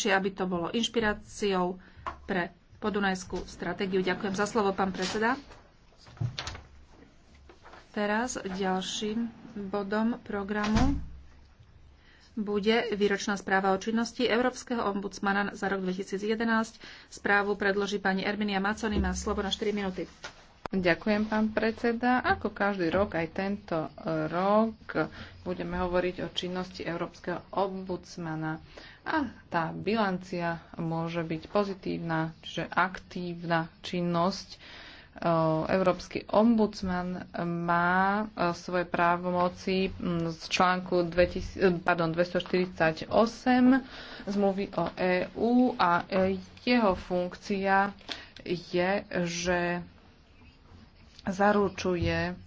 či aby to bolo inšpiráciou pre podunajskú stratégiu. Ďakujem za slovo, pán predseda. Teraz ďalším bodom programu bude výročná správa o činnosti Európskeho ombudsmana za rok 2011. Správu predloží pani Erminia Maconi. Má slovo na 4 minúty. Ďakujem, pán predseda. Ako každý rok, aj tento rok budeme hovoriť o činnosti Európskeho ombudsmana a tá bilancia môže byť pozitívna, čiže aktívna činnosť. E, Európsky ombudsman má e, svoje právomoci z článku 2000, e, pardon, 248 zmluvy o EÚ a jeho funkcia je, že zaručuje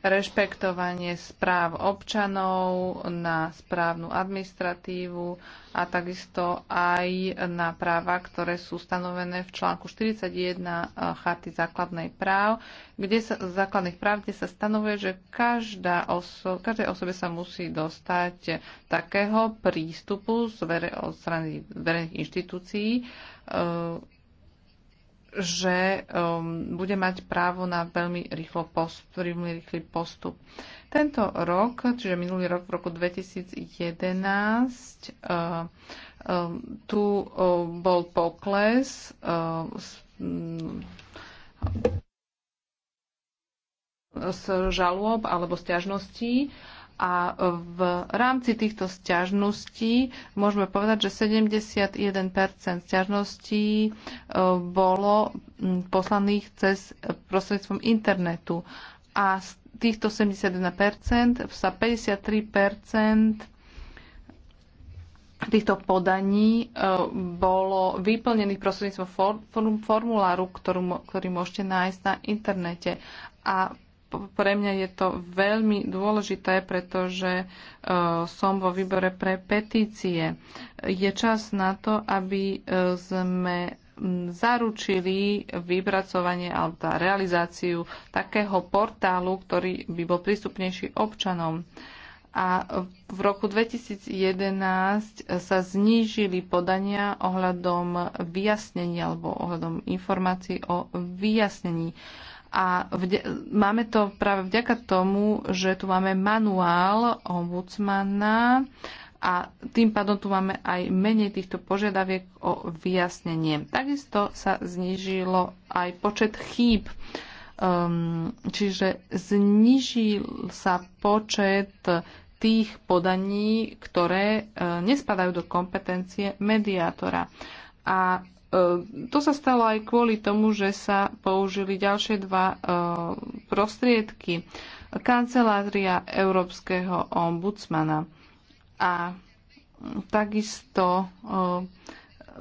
rešpektovanie správ občanov na správnu administratívu a takisto aj na práva, ktoré sú stanovené v článku 41 eh, Charty základnej práv, kde sa, základných práv, kde sa stanovuje, že každá oso, každej osobe sa musí dostať takého prístupu z vere, od strany verejných inštitúcií, eh, že um, bude mať právo na veľmi rýchlo postup, veľmi rýchly postup. Tento rok, čiže minulý rok v roku 2011, uh, um, tu uh, bol pokles uh, s, um, mm, z žalôb alebo stiažností. Uh, a v rámci týchto sťažností môžeme povedať, že 71 sťažností e, bolo poslaných cez e, prostredstvom internetu. A z týchto 71 sa 53 týchto podaní e, bolo vyplnených prostredníctvom formuláru, ktorý môžete nájsť na internete. A pre mňa je to veľmi dôležité, pretože e, som vo výbore pre petície. Je čas na to, aby e, sme zaručili vypracovanie alebo tá realizáciu takého portálu, ktorý by bol prístupnejší občanom. A v roku 2011 sa znížili podania ohľadom vyjasnenia alebo ohľadom informácií o vyjasnení. Uh, a máme to práve vďaka tomu, že tu máme manuál ombudsmana a tým pádom tu máme aj menej týchto požiadaviek o vyjasnenie. Takisto sa znížilo aj počet chýb. Um, čiže znižil sa počet tých podaní, ktoré e, nespadajú do kompetencie mediátora. A E, to sa stalo aj kvôli tomu, že sa použili ďalšie dva e, prostriedky. Kancelária Európskeho ombudsmana a takisto e,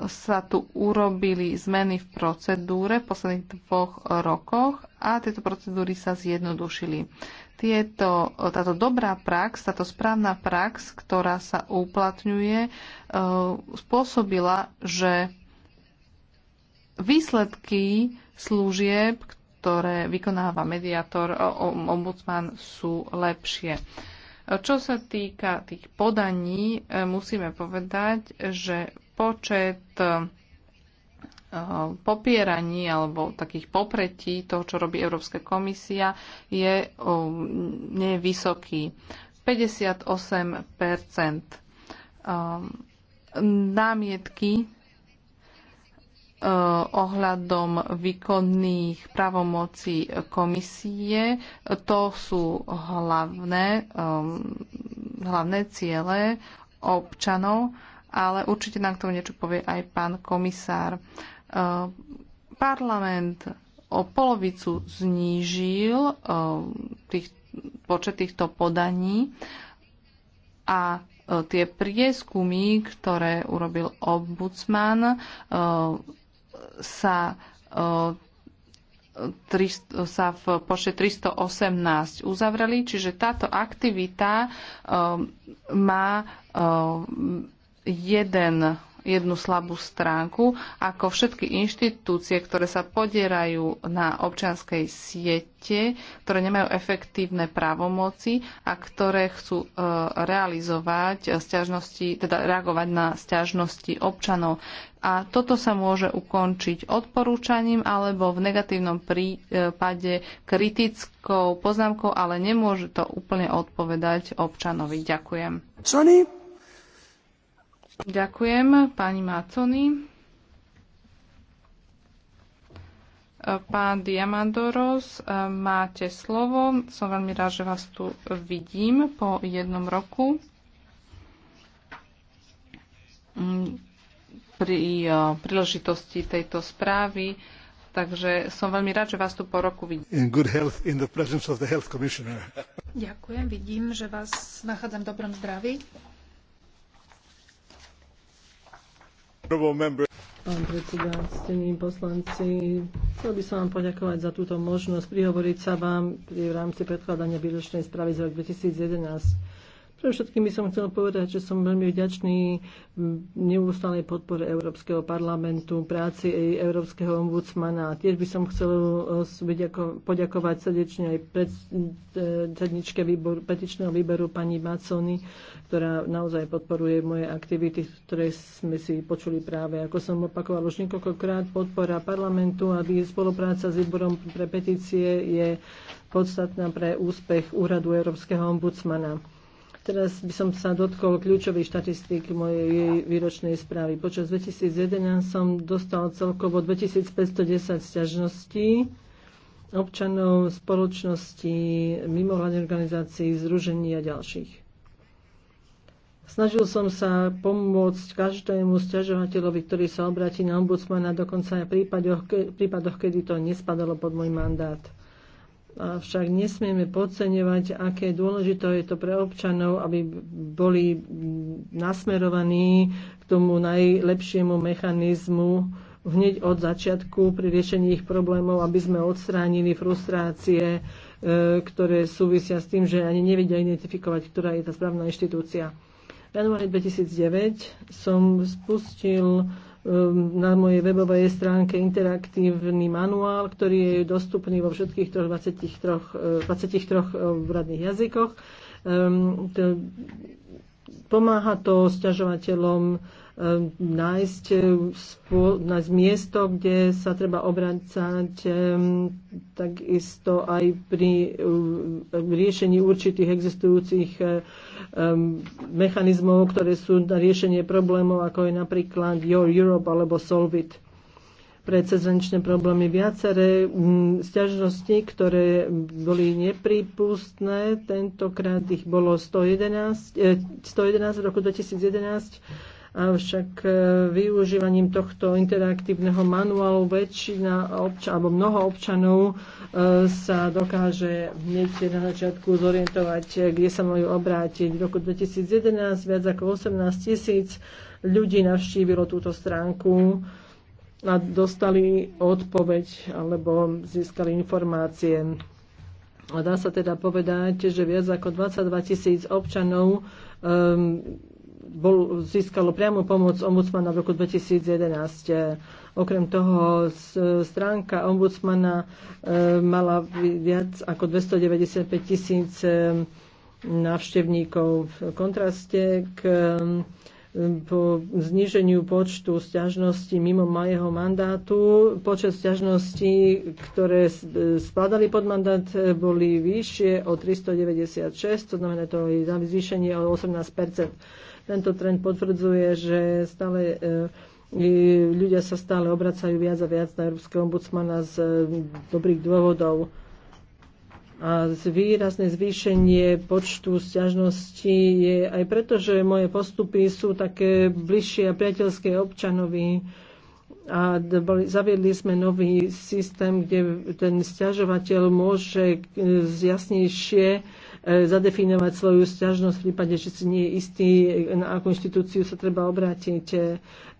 sa tu urobili zmeny v procedúre v posledných dvoch rokoch a tieto procedúry sa zjednodušili. Tieto, táto dobrá prax, táto správna prax, ktorá sa uplatňuje, spôsobila, že Výsledky služieb, ktoré vykonáva mediátor, ombudsman, sú lepšie. Čo sa týka tých podaní, e, musíme povedať, že počet e, popieraní alebo takých popretí toho, čo robí Európska komisia, je nevysoký. 58 ehm, námietky ohľadom výkonných právomocí komisie. To sú hlavné, um, hlavné ciele občanov, ale určite nám k tomu niečo povie aj pán komisár. Uh, parlament o polovicu znížil um, tých, počet týchto podaní a uh, tie prieskumy, ktoré urobil ombudsman, uh, sa, sa v pošte 318 uzavreli, čiže táto aktivita má jeden jednu slabú stránku, ako všetky inštitúcie, ktoré sa podierajú na občianskej siete, ktoré nemajú efektívne právomoci a ktoré chcú e, realizovať stiažnosti, teda reagovať na stiažnosti občanov. A toto sa môže ukončiť odporúčaním alebo v negatívnom prípade kritickou poznámkou, ale nemôže to úplne odpovedať občanovi. Ďakujem. Sony? Ďakujem pani Maconi. E, pán Diamandoros, e, máte slovo. Som veľmi rád, že vás tu vidím po jednom roku. Mm, pri e, príležitosti tejto správy Takže som veľmi rád, že vás tu po roku vidím. Ďakujem, vidím, že vás nachádzam v dobrom zdraví. Pán predseda, ctení poslanci, chcel by som vám poďakovať za túto možnosť prihovoriť sa vám pri v rámci predkladania výročnej správy z roku 2011. Pre všetkým by som chcel povedať, že som veľmi vďačný neustálej podpore Európskeho parlamentu, práci e, Európskeho ombudsmana. Tiež by som chcel e, poďakovať srdečne aj e, predsedničke výboru, petičného výberu pani Macony, ktorá naozaj podporuje moje aktivity, ktoré sme si počuli práve. Ako som opakoval už niekoľkokrát, podpora parlamentu a spolupráca s výborom pre petície je podstatná pre úspech úradu Európskeho ombudsmana. Teraz by som sa dotkol kľúčových štatistík mojej výročnej správy. Počas 2011 som dostal celkovo 2510 sťažností občanov, spoločnosti, mimovládnych organizácií, združení a ďalších. Snažil som sa pomôcť každému sťažovateľovi, ktorý sa obráti na ombudsmana, dokonca aj v prípadoch, prípadoch, kedy to nespadalo pod môj mandát. Avšak nesmieme podceňovať, aké dôležité je to pre občanov, aby boli nasmerovaní k tomu najlepšiemu mechanizmu hneď od začiatku pri riešení ich problémov, aby sme odstránili frustrácie, e, ktoré súvisia s tým, že ani nevedia identifikovať, ktorá je tá správna inštitúcia. V januári 2009 som spustil Ehm, na mojej webovej stránke interaktívny manuál, ktorý je dostupný vo všetkých 23, 23 eh, eh, radných jazykoch. Ehm, pomáha to sťažovateľom Ehm, nájsť, e, nájsť miesto, kde sa treba obracať ehm, takisto aj pri e, riešení určitých existujúcich e, ehm, mechanizmov, ktoré sú na riešenie problémov, ako je napríklad Your Europe alebo Solvit pre cezhraničné problémy viaceré sťažnosti, ktoré boli neprípustné. Tentokrát ich bolo 111, 111 v roku 2011 avšak e, využívaním tohto interaktívneho manuálu väčšina obča- alebo mnoho občanov e, sa dokáže hneď na začiatku zorientovať, e, kde sa majú obrátiť. V roku 2011 viac ako 18 tisíc ľudí navštívilo túto stránku a dostali odpoveď alebo získali informácie. A dá sa teda povedať, že viac ako 22 tisíc občanov um, bol, získalo priamu pomoc ombudsmana v roku 2011. Okrem toho stránka ombudsmana e, mala viac ako 295 tisíc e, návštevníkov v kontraste k e, po zniženiu počtu sťažností mimo mojeho mandátu. Počet sťažností, ktoré spadali pod mandát, boli vyššie o 396, to znamená to je zvýšenie o 18 tento trend potvrdzuje, že stále e, ľudia sa stále obracajú viac a viac na Európskeho ombudsmana z e, dobrých dôvodov a výrazné zvýšenie počtu sťažností je aj preto, že moje postupy sú také bližšie a priateľské občanovi a zaviedli sme nový systém, kde ten sťažovateľ môže e, jasnejšie E, zadefinovať svoju sťažnosť v prípade, že si nie je istý, na akú inštitúciu sa treba obrátiť. E,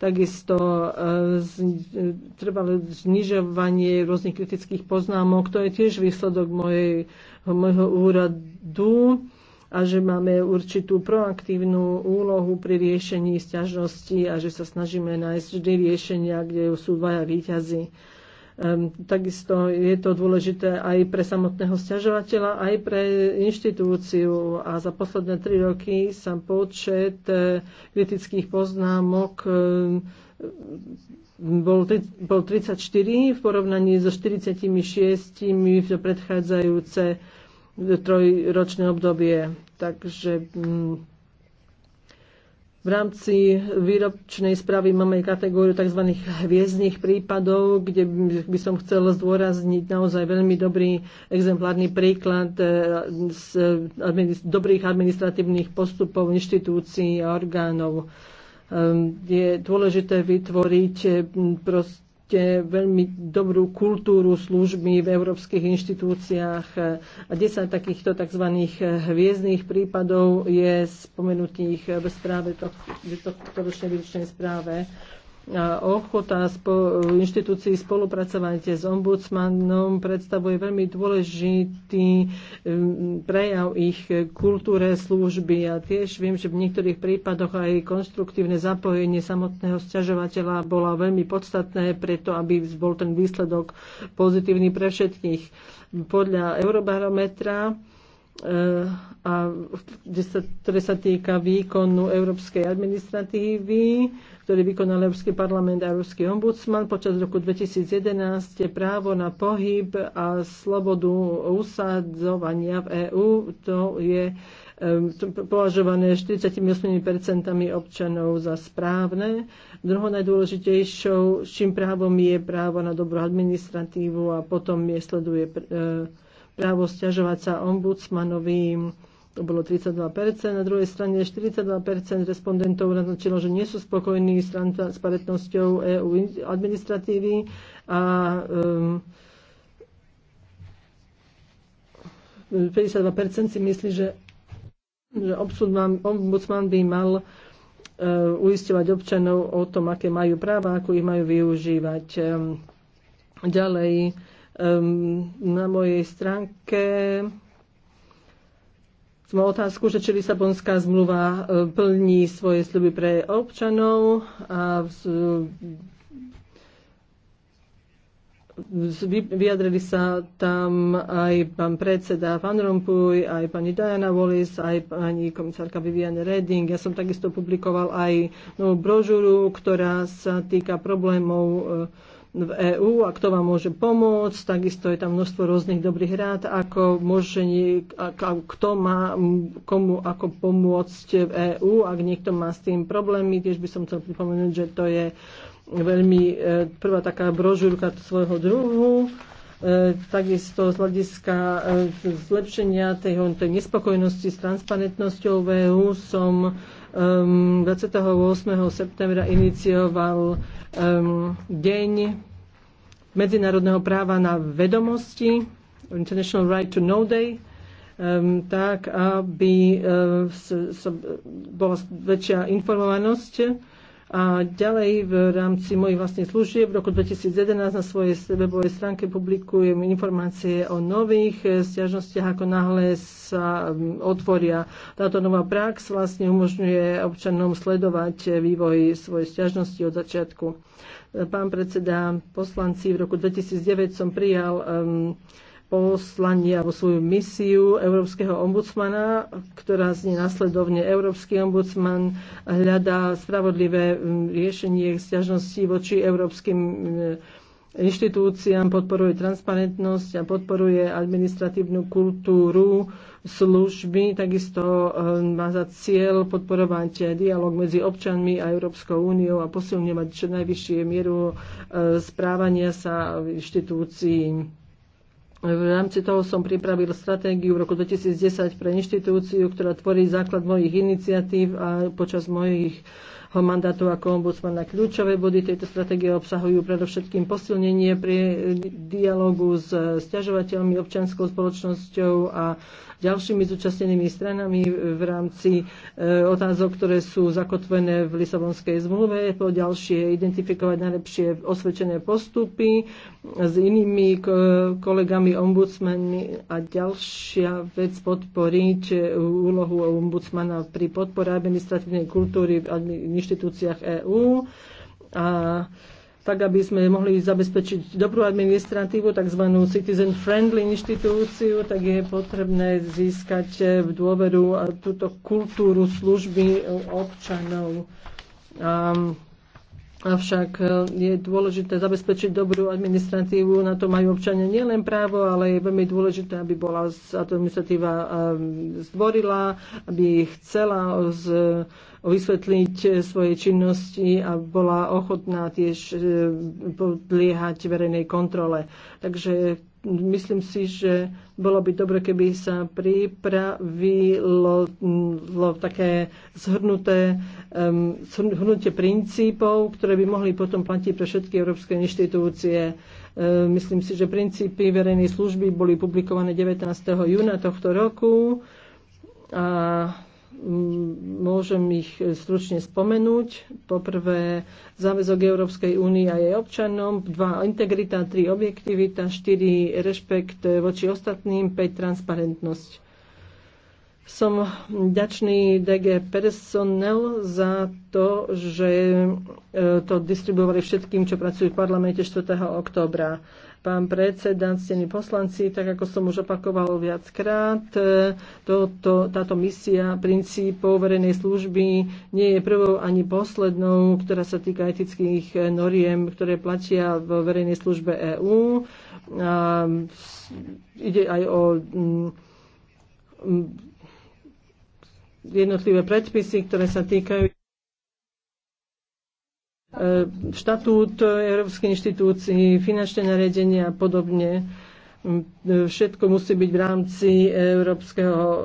takisto e, treba znižovanie rôznych kritických poznámok. To je tiež výsledok mojej, mojho úradu a že máme určitú proaktívnu úlohu pri riešení sťažnosti a že sa snažíme nájsť vždy riešenia, kde sú dvaja výťazy. Ehm, takisto je to dôležité aj pre samotného sťažovateľa, aj pre inštitúciu. A za posledné tri roky sa počet e, kritických poznámok ehm, bol, bol 34 v porovnaní so 46 v predchádzajúce trojročné obdobie. Takže mm, v rámci výročnej správy máme kategóriu tzv. hviezdnych prípadov, kde by som chcel zdôrazniť naozaj veľmi dobrý exemplárny príklad eh, z dobrých administratívnych postupov inštitúcií a orgánov. Ehm, je dôležité vytvoriť prost máte veľmi dobrú kultúru služby v európskych inštitúciách a 10 takýchto tzv. hviezdných prípadov je spomenutých v správe, to, to, výročnej správe ochota spo, inštitúcií spolupracovať s ombudsmanom predstavuje veľmi dôležitý um, prejav ich kultúre služby. A tiež viem, že v niektorých prípadoch aj konstruktívne zapojenie samotného sťažovateľa bola veľmi podstatné preto, aby bol ten výsledok pozitívny pre všetkých. Podľa Eurobarometra Eh, a kde sa, ktoré sa týka výkonu európskej administratívy, ktorý vykonal Európsky parlament a Európsky ombudsman. Počas roku 2011 právo na pohyb a slobodu usadzovania v EÚ, to je eh, považované 48% občanov za správne. Druhou najdôležitejšou čím právom je právo na dobrú administratívu a potom je sleduje eh, právo stiažovať sa ombudsmanovi to bolo 32%, na druhej strane 42% respondentov naznačilo, že nie sú spokojní s transparentnosťou EU administratívy a um, 52% si myslí, že, že obsudman, ombudsman by mal uh, uistovať občanov o tom, aké majú práva, ako ich majú využívať. Um, ďalej, na mojej stránke som otázku, že či Lisabonská zmluva e, plní svoje sluby pre občanov a e, vyjadrili sa tam aj pán predseda Van Rompuy, aj pani Diana Wallis, aj pani komisárka Viviane Reding. Ja som takisto publikoval aj novú brožúru, ktorá sa týka problémov e, v EÚ a kto vám môže pomôcť. Takisto je tam množstvo rôznych dobrých rád, ako môže, kto má komu ako pomôcť v EÚ, ak niekto má s tým problémy. Tiež by som chcel pripomenúť, že to je veľmi e, prvá taká brožúrka svojho druhu e, takisto z hľadiska e, zlepšenia tej, tej nespokojnosti s transparentnosťou EÚ som um, ehm, 28. septembra inicioval um, deň medzinárodného práva na vedomosti, International Right to Know Day, um, tak, aby eh, s, s, bola väčšia informovanosť a ďalej v rámci mojich vlastných služieb v roku 2011 na svojej webovej stránke publikujem informácie o nových eh, stiažnostiach, ako náhle sa mm, otvoria. Táto nová prax vlastne umožňuje občanom sledovať eh, vývoj svojej stiažnosti od začiatku. Eh, pán predseda, poslanci, v roku 2009 som prijal um, poslania vo svoju misiu Európskeho ombudsmana, ktorá znie nasledovne Európsky ombudsman hľadá spravodlivé mm, riešenie sťažností voči európskym mm, inštitúciám, podporuje transparentnosť a podporuje administratívnu kultúru služby. Takisto mm, má za cieľ podporovať dialog medzi občanmi a Európskou úniou a posilňovať čo najvyššie mieru e, správania sa inštitúcií. V rámci toho som pripravil stratégiu v roku 2010 pre inštitúciu, ktorá tvorí základ mojich iniciatív a počas mojich mandátu ako ombudsmana. Kľúčové body tejto stratégie obsahujú predovšetkým posilnenie pri dialogu s e, sťažovateľmi, občianskou spoločnosťou a ďalšími zúčastnenými stranami v rámci e, otázok, ktoré sú zakotvené v Lisabonskej zmluve, po ďalšie identifikovať najlepšie osvedčené postupy s inými kolegami ombudsmanmi a ďalšia vec podporiť úlohu ombudsmana pri podpore administratívnej kultúry v inštitúciách EÚ. A tak, aby sme mohli zabezpečiť dobrú administratívu, tzv. citizen-friendly inštitúciu, tak je potrebné získať v e, dôveru túto kultúru služby občanov. Um, Avšak e, je dôležité zabezpečiť dobrú administratívu, na to majú občania nielen právo, ale je veľmi dôležité, aby bola administratíva e, zdvorila, aby chcela z, vysvetliť e, svoje činnosti a bola ochotná tiež podliehať verejnej kontrole. Takže myslím si, že bolo by dobre, keby sa pripravilo mm, také zhrnuté, um, zhrnutie princípov, ktoré by mohli potom platiť pre všetky európske inštitúcie. Um, myslím si, že princípy verejnej služby boli publikované 19. júna tohto roku. A Mm, môžem ich e, stručne spomenúť. Poprvé, záväzok Európskej únie a jej občanom, dva, integrita, tri, objektivita, štyri, rešpekt e, voči ostatným, päť transparentnosť. Som ďačný DG Personnel za to, že e, to distribuovali všetkým, čo pracujú v parlamente 4. októbra pán predseda, ctení poslanci, tak ako som už opakoval viackrát, toto, táto misia princípov verejnej služby nie je prvou ani poslednou, ktorá sa týka etických noriem, ktoré platia v verejnej službe EÚ. Ide aj o mm, mm, jednotlivé predpisy, ktoré sa týkajú E, štatút Európskej inštitúcii, finančné nariadenie a podobne. Mm, e, všetko musí byť v rámci Európskeho e,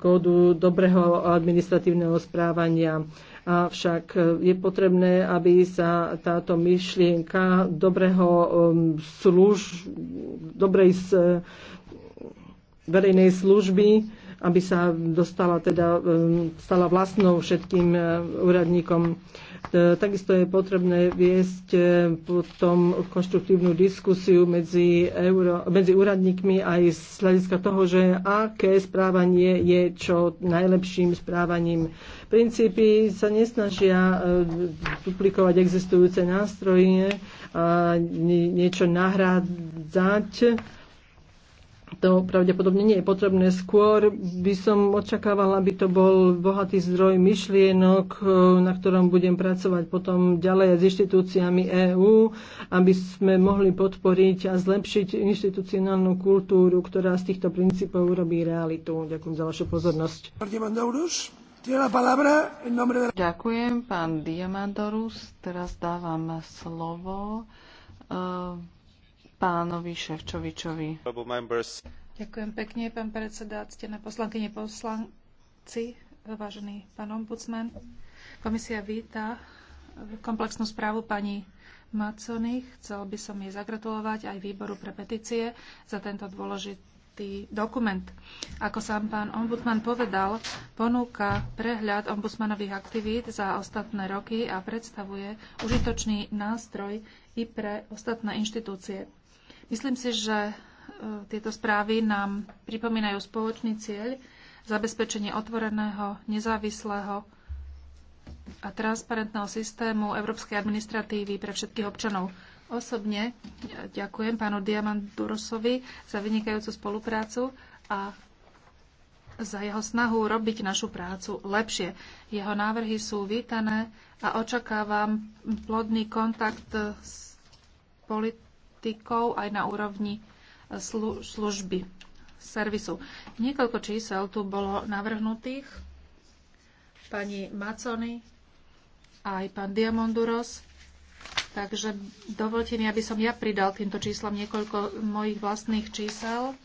kódu dobrého administratívneho správania. Avšak je potrebné, aby sa táto myšlienka dobrého služ, dobrej verejnej služby, aby sa dostala teda, stala vlastnou všetkým úradníkom E, takisto je potrebné viesť e, potom konštruktívnu diskusiu medzi, euro, medzi úradníkmi aj z hľadiska toho, že aké správanie je čo najlepším správaním. Princípy sa nesnažia e, duplikovať existujúce nástroje a niečo nahrádzať to pravdepodobne nie je potrebné. Skôr by som očakávala, aby to bol bohatý zdroj myšlienok, e, na ktorom budem pracovať potom ďalej s inštitúciami EÚ, aby sme mohli podporiť a zlepšiť inštitucionálnu kultúru, ktorá z týchto princípov urobí realitu. Ďakujem za vašu pozornosť. Ďakujem, pán Diamandorus. Teraz dávam slovo uh, pánovi Ševčovičovi. Ďakujem pekne, pán predseda, ctené poslankyne poslanci, vážený pán ombudsman. Komisia víta komplexnú správu pani Macony. Chcel by som jej zagratulovať aj výboru pre petície za tento dôležitý dokument. Ako sám pán ombudsman povedal, ponúka prehľad ombudsmanových aktivít za ostatné roky a predstavuje užitočný nástroj i pre ostatné inštitúcie. Myslím si, že e, tieto správy nám pripomínajú spoločný cieľ zabezpečenie otvoreného, nezávislého a transparentného systému európskej administratívy pre všetkých občanov. Osobne e, ďakujem pánu Diamandurosovi za vynikajúcu spoluprácu a za jeho snahu robiť našu prácu lepšie. Jeho návrhy sú vítané a očakávam plodný kontakt s politikou praktikou aj na úrovni e, slu- služby, servisu. Niekoľko čísel tu bolo navrhnutých. Pani Macony a aj pán Diamonduros. Takže dovolte mi, aby som ja pridal týmto číslam niekoľko mojich vlastných čísel.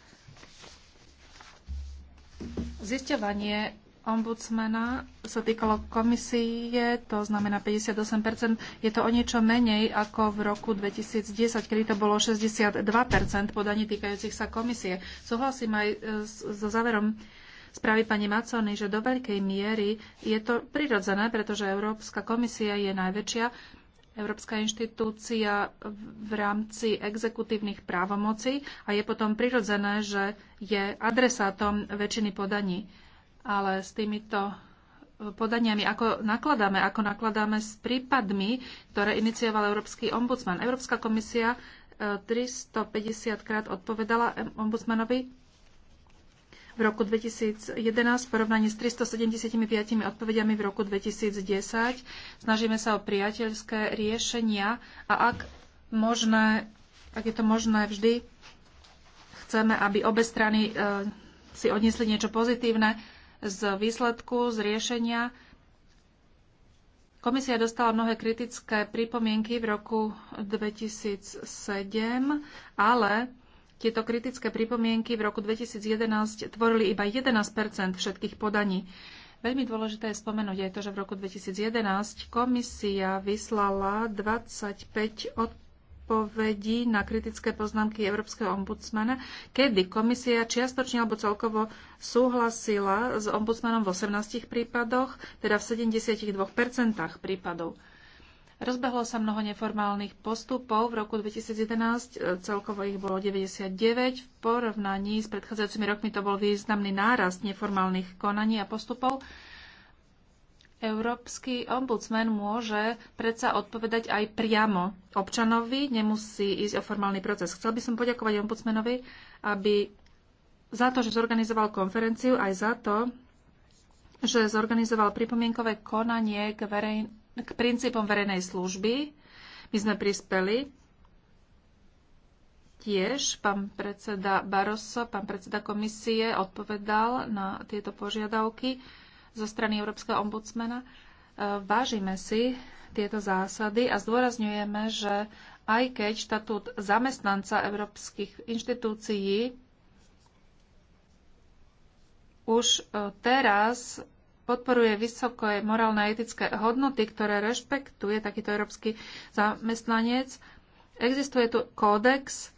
Zisťovanie ombudsmana sa týkalo komisie, to znamená 58%. Je to o niečo menej ako v roku 2010, kedy to bolo 62% podaní týkajúcich sa komisie. Súhlasím aj e, so záverom správy pani Macony, že do veľkej miery je to prirodzené, pretože Európska komisia je najväčšia európska inštitúcia v rámci exekutívnych právomocí a je potom prirodzené, že je adresátom väčšiny podaní ale s týmito eh, podaniami, ako nakladáme, ako nakladáme s prípadmi, ktoré inicioval Európsky ombudsman. Európska komisia 350 eh, krát odpovedala ombudsmanovi v roku 2011 v porovnaní s 375 odpovediami v roku 2010. Snažíme sa o priateľské riešenia a ak, možné, ak je to možné, vždy chceme, aby obe strany eh, si odniesli niečo pozitívne z výsledku, z riešenia. Komisia dostala mnohé kritické pripomienky v roku 2007, ale tieto kritické pripomienky v roku 2011 tvorili iba 11 všetkých podaní. Veľmi dôležité je spomenúť aj to, že v roku 2011 komisia vyslala 25 od odpovedí na kritické poznámky Európskeho ombudsmana, kedy komisia čiastočne alebo celkovo súhlasila s ombudsmanom v 18 prípadoch, teda v 72 prípadov. Rozbehlo sa mnoho neformálnych postupov. V roku 2011 e, celkovo ich bolo 99. V porovnaní s predchádzajúcimi rokmi to bol významný nárast neformálnych konaní a postupov. Európsky ombudsman môže predsa odpovedať aj priamo občanovi, nemusí ísť o formálny proces. Chcel by som poďakovať ombudsmanovi, aby za to, že zorganizoval konferenciu, aj za to, že zorganizoval pripomienkové konanie k, verej... k princípom verejnej služby. My sme prispeli tiež pán predseda Barroso, pán predseda komisie odpovedal na tieto požiadavky zo strany Európskeho ombudsmana. E, vážime si tieto zásady a zdôrazňujeme, že aj keď štatút zamestnanca európskych inštitúcií už e, teraz podporuje vysoké morálne a etické hodnoty, ktoré rešpektuje takýto európsky zamestnanec. Existuje tu kódex,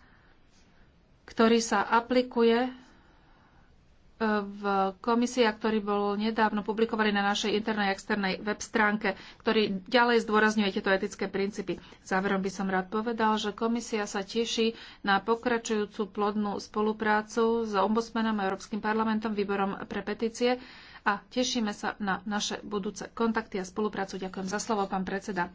ktorý sa aplikuje v komisia, ktorý bol nedávno publikovaný na našej internej a externej web stránke, ktorý ďalej zdôrazňuje tieto etické princípy. Záverom by som rád povedal, že komisia sa teší na pokračujúcu plodnú spoluprácu s ombudsmenom Európskym parlamentom, výborom pre petície a tešíme sa na naše budúce kontakty a spoluprácu. Ďakujem za slovo, pán predseda.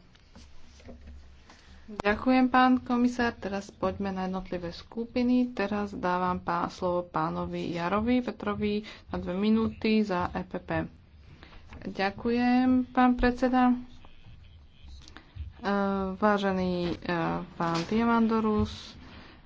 Ďakujem, pán komisár. Teraz poďme na jednotlivé skupiny. Teraz dávam pán, slovo pánovi Jarovi Petrovi na dve minúty za EPP. Ďakujem, pán predseda. E, vážený e, pán Diamandorus,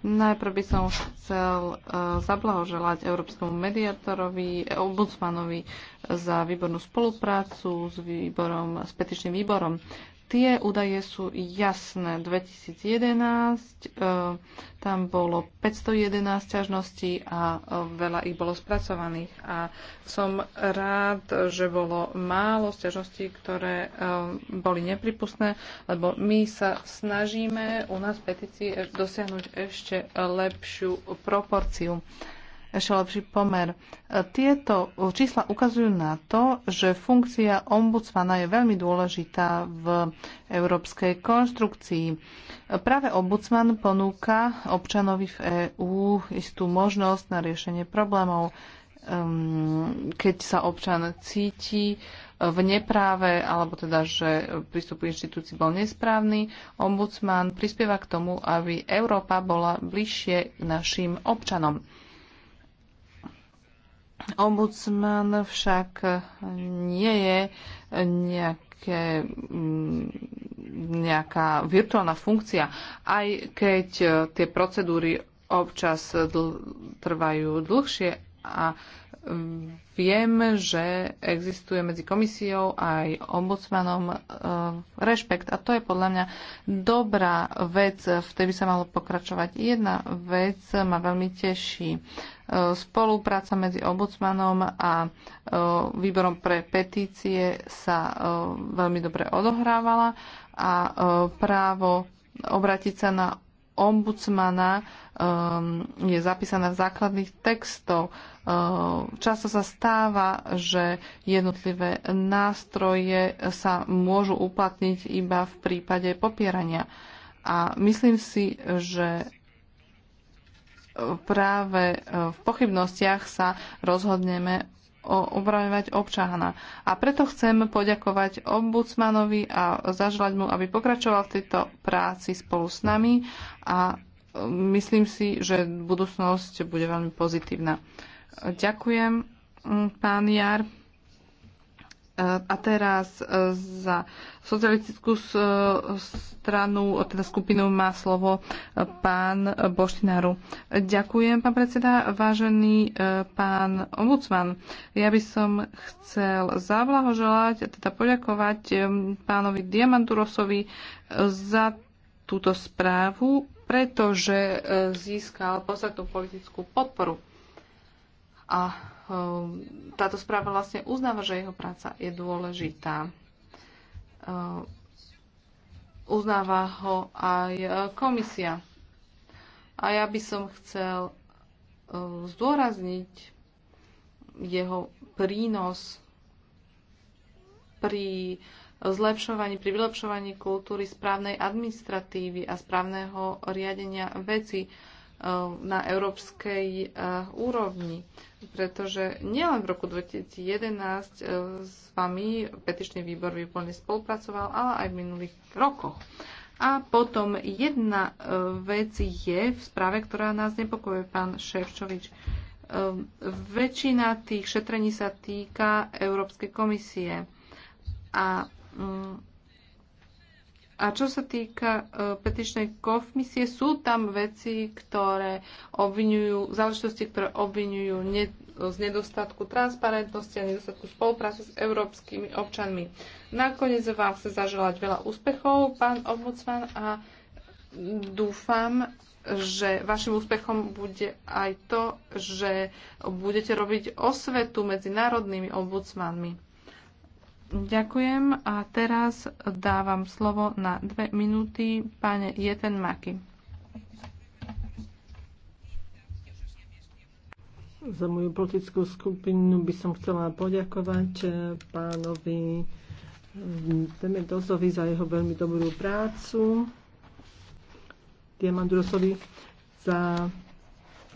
najprv by som chcel e, zablahoželať Európskemu mediátorovi, ombudsmanovi za výbornú spoluprácu s, výborom, s petičným výborom. Tie údaje sú jasné. 2011 e, tam bolo 511 ťažností a e, veľa ich bolo spracovaných. A som rád, že bolo málo sťažností, ktoré e, boli nepripustné, lebo my sa snažíme u nás v petícii dosiahnuť ešte lepšiu proporciu ešte lepší pomer. E, tieto čísla ukazujú na to, že funkcia ombudsmana je veľmi dôležitá v európskej konštrukcii. E, práve ombudsman ponúka občanovi v EÚ istú možnosť na riešenie problémov, ehm, keď sa občan cíti e, v nepráve, alebo teda, že prístup k inštitúcii bol nesprávny. Ombudsman prispieva k tomu, aby Európa bola bližšie našim občanom. Ombudsman však nie je nejaké, mm, nejaká virtuálna funkcia, aj keď tie procedúry občas dl- trvajú dlhšie a Viem, že existuje medzi komisiou aj ombudsmanom e, rešpekt a to je podľa mňa dobrá vec, v tej by sa malo pokračovať. Jedna vec ma veľmi teší. E, spolupráca medzi ombudsmanom a e, výborom pre petície sa veľmi dobre odohrávala a právo obrátiť sa na ombudsmana ehm, je zapísaná v základných textov. Ehm, často sa stáva, že jednotlivé nástroje sa môžu uplatniť iba v prípade popierania. A myslím si, že e, práve e, v pochybnostiach sa rozhodneme obraňovať občana. A preto chcem poďakovať ombudsmanovi a zaželať mu, aby pokračoval v tejto práci spolu s nami a mm, myslím si, že budúcnosť bude veľmi pozitívna. Ďakujem, mm, pán Jar. A teraz e, za socialistickú e, stranu, e, teda skupinu má slovo pán Boštinaru. Ďakujem, pán predseda. Vážený pán ombudsman, ja by som chcel zablahoželať, teda poďakovať pánovi Diamanturosovi za túto správu, pretože získal podstatnú politickú podporu. A Ehm, táto správa vlastne uznáva, že jeho práca je dôležitá. Ehm, uznáva ho aj e, komisia. A ja by som chcel e, zdôrazniť jeho prínos pri zlepšovaní, pri vylepšovaní kultúry správnej administratívy a správneho riadenia veci Eh, na európskej eh, úrovni. Pretože nielen v roku 2011 eh, s vami petičný výbor výplne spolupracoval, ale aj v minulých rokoch. A potom jedna vec je v správe, ktorá nás nepokojuje, pán Ševčovič. Väčšina tých šetrení sa týka Európskej komisie. A mm, a čo sa týka e, petičnej komisie, sú tam veci, ktoré obvinujú, záležitosti, ktoré obvinujú ne, z nedostatku transparentnosti a nedostatku spolupráce s európskymi občanmi. Nakoniec vám chcem zaželať veľa úspechov, pán obmocman, a dúfam, že vašim úspechom bude aj to, že budete robiť osvetu medzi národnými ombudsmanmi. Ďakujem a teraz dávam slovo na dve minúty pane Jeten Maki. Za moju politickú skupinu by som chcela poďakovať eh, pánovi eh, Dementosovi za jeho veľmi dobrú prácu, Diamandurosovi za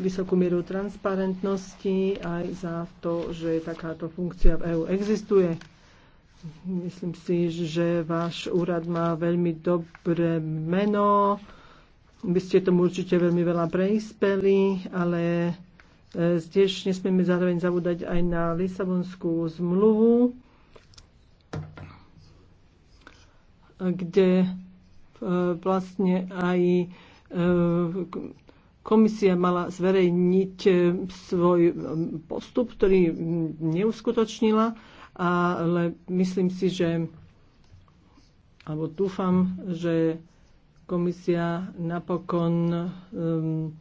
vysokú mieru transparentnosti aj za to, že takáto funkcia v EÚ existuje. Myslím si, že váš úrad má veľmi dobré meno. By ste tomu určite veľmi veľa preispeli, ale e, tiež nesmieme zároveň zabúdať aj na Lisabonskú zmluvu, kde e, vlastne aj e, komisia mala zverejniť svoj postup, ktorý neuskutočnila ale myslím si, že alebo dúfam, že komisia napokon um,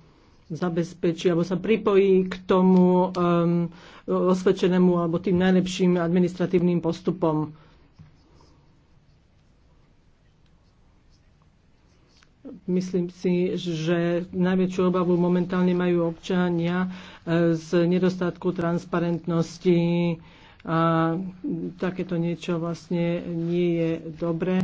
zabezpečí alebo sa pripojí k tomu um, osvedčenému alebo tým najlepším administratívnym postupom. Myslím si, že najväčšiu obavu momentálne majú občania eh, z nedostatku transparentnosti a takéto niečo vlastne nie je dobré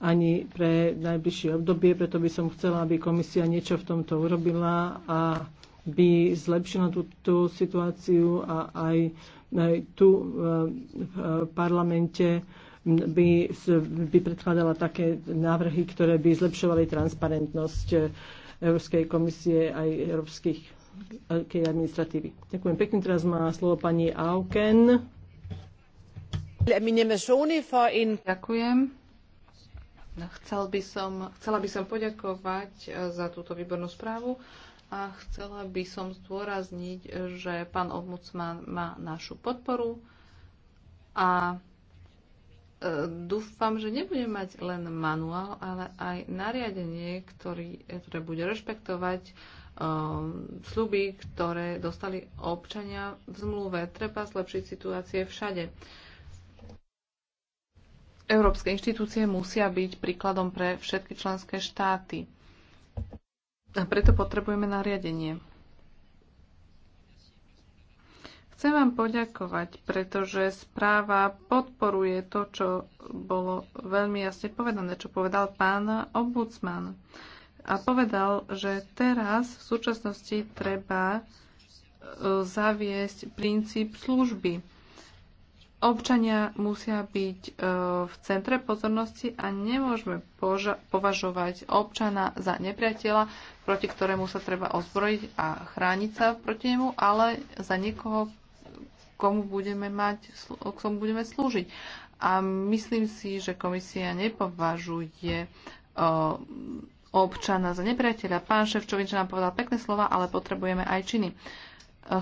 ani pre najbližšie obdobie, preto by som chcela, aby komisia niečo v tomto urobila a by zlepšila túto situáciu a aj, aj tu e, e, v parlamente by, by predkladala také návrhy, ktoré by zlepšovali transparentnosť Európskej komisie aj e, Európskej administratívy. Ďakujem pekne. Teraz má slovo pani Auken. Ďakujem. by som, chcela by som poďakovať eh, za túto výbornú správu a chcela by som zdôrazniť, že pán ombudsman má našu podporu a eh, dúfam, že nebude mať len manuál, ale aj nariadenie, ktorý, ktoré bude rešpektovať um, eh, sluby, ktoré dostali občania v zmluve. Treba zlepšiť situácie všade. Uh, európske inštitúcie musia byť príkladom pre všetky členské štáty. A preto potrebujeme nariadenie. Chcem vám poďakovať, pretože správa podporuje to, čo bolo veľmi jasne povedané, čo povedal pán ombudsman. A povedal, že teraz v súčasnosti treba e, zaviesť princíp služby Občania musia byť e, v centre pozornosti a nemôžeme považovať občana za nepriateľa, proti ktorému sa treba ozbrojiť a chrániť sa proti nemu, ale za niekoho, komu budeme, mať, komu budeme slúžiť. A myslím si, že komisia nepovažuje e, občana za nepriateľa. Pán Ševčovič nám povedal pekné slova, ale potrebujeme aj činy. E,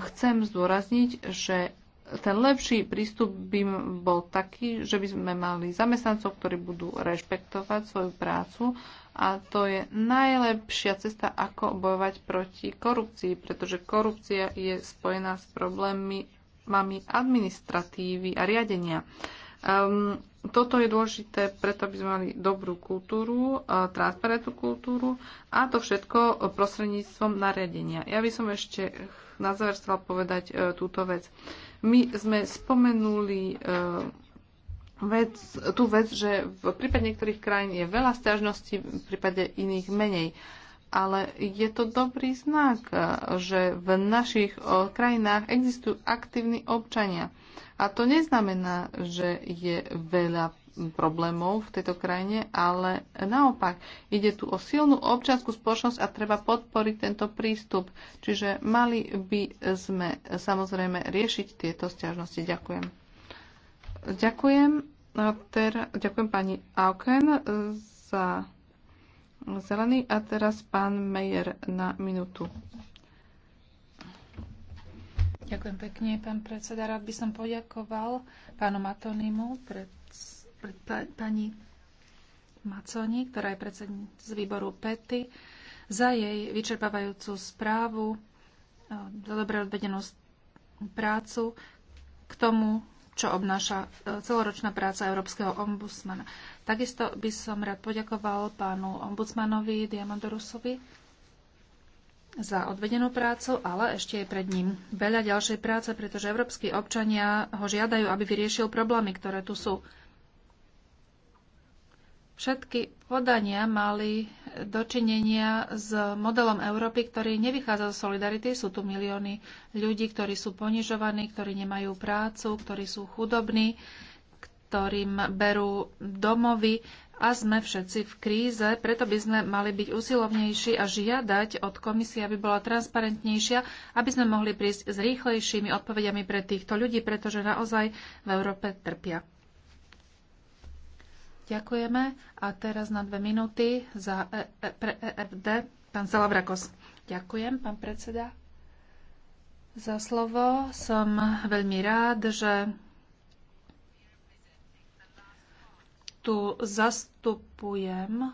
chcem zdôrazniť, že ten lepší prístup by bol taký, že by sme mali zamestnancov, ktorí budú rešpektovať svoju prácu a to je najlepšia cesta, ako bojovať proti korupcii, pretože korupcia je spojená s problémami administratívy a riadenia. Um, toto je dôležité, preto aby sme mali dobrú kultúru, transparentnú kultúru a to všetko prostredníctvom nariadenia. Ja by som ešte na záver chcela povedať e, túto vec. My sme spomenuli e, vec, tú vec, že v prípade niektorých krajín je veľa stiažností, v prípade iných menej ale je to dobrý znak, že v našich krajinách existujú aktívni občania. A to neznamená, že je veľa problémov v tejto krajine, ale naopak, ide tu o silnú občianskú spoločnosť a treba podporiť tento prístup. Čiže mali by sme samozrejme riešiť tieto stiažnosti. Ďakujem. Ďakujem. Ter, ďakujem pani Auken za zelený. A teraz pán Mejer na minútu. Ďakujem pekne, pán predseda. Rád by som poďakoval pánu Matonimu, pred, pred, pani Maconi, ktorá je predsedníca z výboru PETY, za jej vyčerpávajúcu správu, eh, dobre odvedenú prácu k tomu, čo obnáša e, celoročná práca Európskeho ombudsmana. Takisto by som rád poďakoval pánu ombudsmanovi Diamandorusovi za odvedenú prácu, ale ešte je pred ním veľa ďalšej práce, pretože európsky občania ho žiadajú, aby vyriešil problémy, ktoré tu sú. Všetky podania mali dočinenia s modelom Európy, ktorý nevychádza z solidarity. Sú tu milióny ľudí, ktorí sú ponižovaní, ktorí nemajú prácu, ktorí sú chudobní, ktorým berú domovy a sme všetci v kríze, preto by sme mali byť usilovnejší a žiadať od komisie, aby bola transparentnejšia, aby sme mohli prísť s rýchlejšími odpovediami pre týchto ľudí, pretože naozaj v Európe trpia. Ďakujeme. A teraz na dve minúty za e- e- pre EFD pán Salavrakos. Ďakujem, pán predseda, za slovo. Som veľmi rád, že tu zastupujem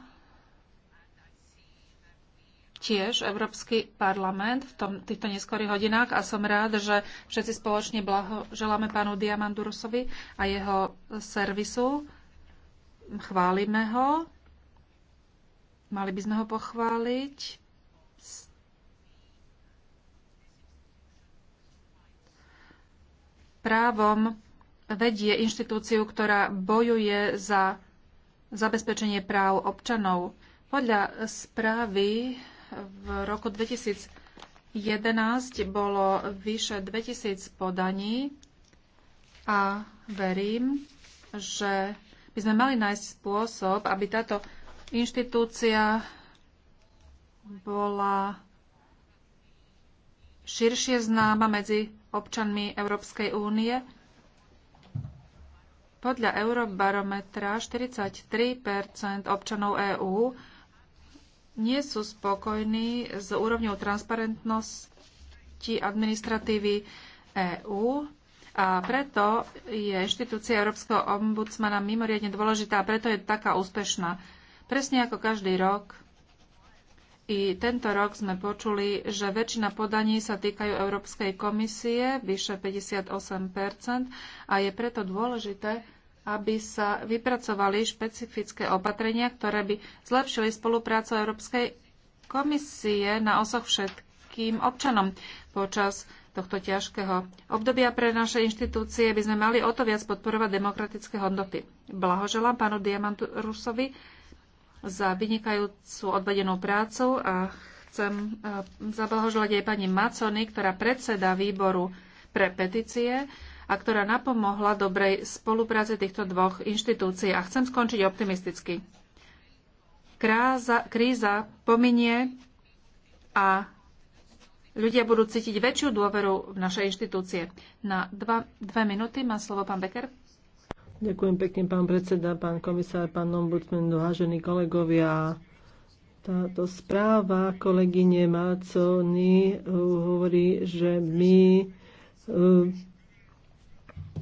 tiež Európsky parlament v tom, týchto neskorých hodinách a som rád, že všetci spoločne blahoželáme pánu Diamandurusovi a jeho servisu Chválime ho. Mali by sme ho pochváliť. Právom vedie inštitúciu, ktorá bojuje za zabezpečenie práv občanov. Podľa správy v roku 2011 bolo vyše 2000 podaní a verím, že by sme mali nájsť spôsob, aby táto inštitúcia bola širšie známa medzi občanmi Európskej únie. Podľa Eurobarometra 43 občanov EÚ nie sú spokojní s úrovňou transparentnosti administratívy EÚ a preto je inštitúcia Európskeho ombudsmana mimoriadne dôležitá a preto je taká úspešná. Presne ako každý rok, i tento rok sme počuli, že väčšina podaní sa týkajú Európskej komisie, vyše 58 a je preto dôležité, aby sa vypracovali špecifické opatrenia, ktoré by zlepšili spoluprácu Európskej komisie na osoch všetkým občanom. Počas tohto ťažkého obdobia pre naše inštitúcie by sme mali o to viac podporovať demokratické hodnoty. Blahoželám pánu Diamantu Rusovi za vynikajúcu odvedenú prácu a chcem e, zablahoželať aj pani Macony, ktorá predseda výboru pre petície a ktorá napomohla dobrej spolupráci týchto dvoch inštitúcií. A chcem skončiť optimisticky. Kráza, kríza pominie a ľudia budú cítiť väčšiu dôveru v naše inštitúcie. Na dva, dve minúty má slovo pán Becker. Ďakujem pekne, pán predseda, pán komisár, pán ombudsman, vážení kolegovia. Táto správa kolegyne Máconi uh, hovorí, že my uh,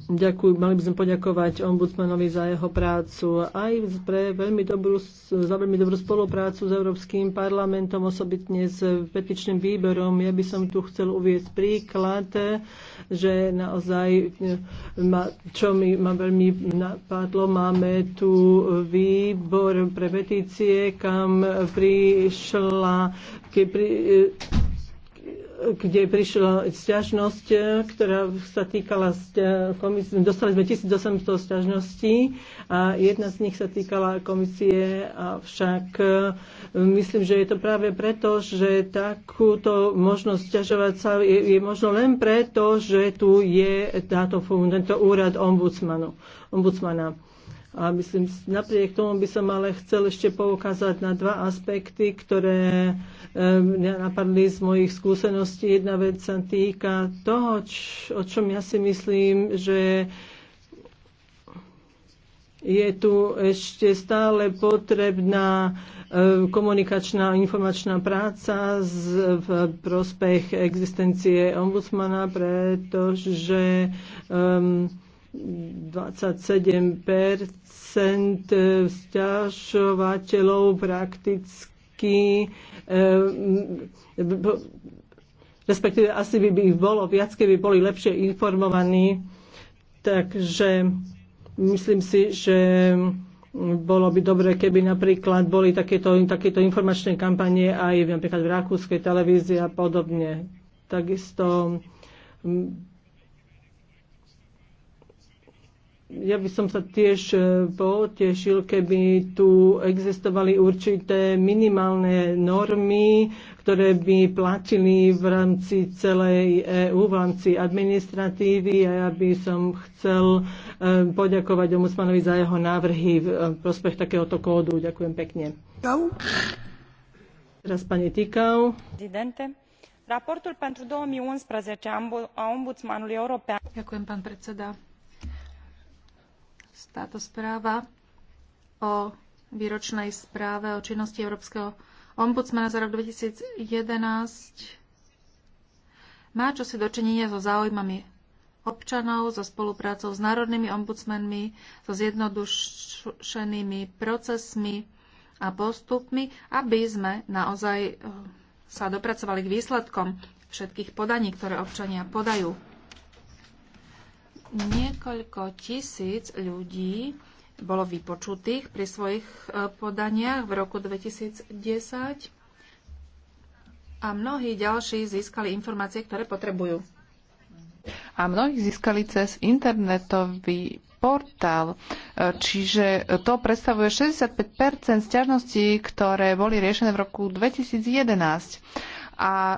Ďakujem, mali by sme poďakovať ombudsmanovi za jeho prácu aj pre veľmi dobrú, za veľmi dobrú spoluprácu s Európskym parlamentom, osobitne s petičným výberom. Ja by som tu chcel uvieť príklad, že naozaj, eh, čo mi ma veľmi napadlo, máme tu výbor pre petície, kam prišla, keď pri, eh, kde prišla sťažnosť, e, ktorá sa týkala komisie. Dostali sme 1800 sťažností a jedna z nich sa týkala komisie, avšak e, myslím, že je to práve preto, že takúto možnosť sťažovať sa je, je možno len preto, že tu je táto, tento úrad ombudsmanu, ombudsmana. A myslím, napriek tomu by som ale chcel ešte poukázať na dva aspekty, ktoré mňa napadli z mojich skúseností. Jedna vec sa týka toho, o čom ja si myslím, že je tu ešte stále potrebná komunikačná a informačná práca z, v prospech existencie ombudsmana, pretože um, 27 sťažovateľov prakticky eh, respektíve asi by ich bolo viac, keby boli lepšie informovaní. Takže myslím si, že bolo by dobre, keby napríklad boli takéto, takéto informačné kampanie aj napríklad v rakúskej televízii a podobne. Takisto ja by som sa tiež e, potešil, keby tu existovali určité minimálne normy, ktoré by platili v rámci celej EU v rámci administratívy a ja by som chcel e, poďakovať Omusmanovi za jeho návrhy v e, prospech takéhoto kódu. Ďakujem pekne. Teraz pani Tikau. Prezidente. Raportul pentru 2011 a ombudsmanului european. Ďakujem, pán predseda táto správa o výročnej správe o činnosti Európskeho ombudsmana za rok 2011 má čo si dočinenie so záujmami občanov, so spoluprácou s národnými ombudsmenmi, so zjednodušenými procesmi a postupmi, aby sme naozaj eh, sa dopracovali k výsledkom všetkých podaní, ktoré občania podajú. Niekoľko tisíc ľudí bolo vypočutých pri svojich e, podaniach v roku 2010 a mnohí ďalší získali informácie, ktoré potrebujú. A mnohí získali cez internetový portál. E, čiže to predstavuje 65 sťažností, ktoré boli riešené v roku 2011 a e,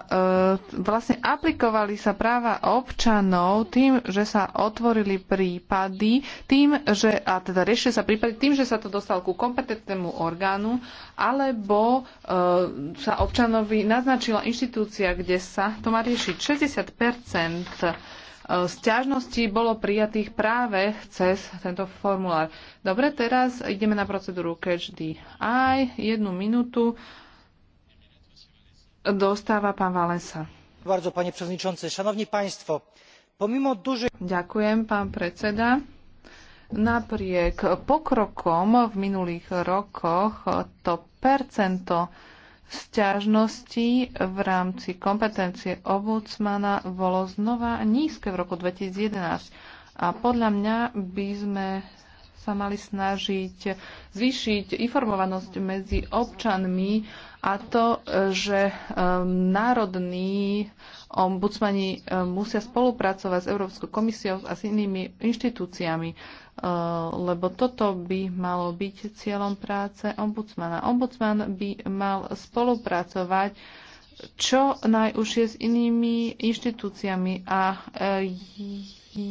vlastne aplikovali sa práva občanov tým, že sa otvorili prípady, tým, že, a teda riešili sa prípady tým, že sa to dostalo ku kompetentnému orgánu, alebo e, sa občanovi naznačila inštitúcia, kde sa to má riešiť. 60 Sťažností e, bolo prijatých práve cez tento formulár. Dobre, teraz ideme na procedúru Catch the Eye. Jednu minútu dostáva pán Valesa. Bardzo, panie przewodniczący. Szanowni państwo, pomimo dużej... Ďakujem, pán predseda. Napriek pokrokom v minulých rokoch to percento sťažností v rámci kompetencie obudsmana bolo znova nízke v roku 2011. A podľa mňa by sme sa mali snažiť zvýšiť informovanosť medzi občanmi a to, že ehm, národní ombudsmani ehm, musia spolupracovať s Európskou komisiou a s inými inštitúciami, ehm, lebo toto by malo byť cieľom práce ombudsmana. Ombudsman by mal spolupracovať čo najúžšie s inými inštitúciami a e,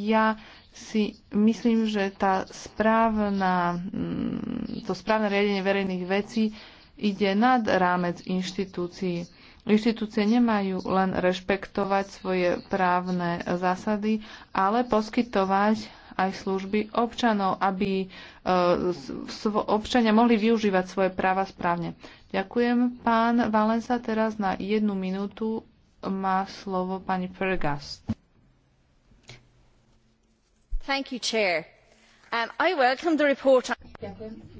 ja si myslím, že tá správna, mm, to správne riadenie verejných vecí ide nad rámec inštitúcií. Inštitúcie nemajú len rešpektovať svoje právne zásady, ale poskytovať aj služby občanov, aby e, občania mohli využívať svoje práva správne. Ďakujem, pán Valensa. Teraz na jednu minútu má slovo pani Fergas. Thank you, Chair. Um, I welcome the report on... Ďakujem.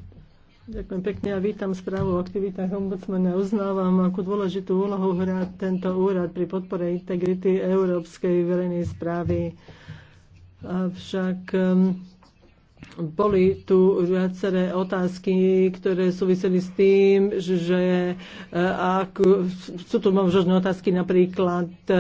Ďakujem pekne a vítam správu o aktivitách ombudsmana. Uznávam, akú dôležitú úlohu hrá tento úrad pri podpore integrity európskej verejnej správy. Avšak um, boli tu viaceré otázky, ktoré súviseli s tým, že eh, ak, sú tu možno otázky napríklad, eh,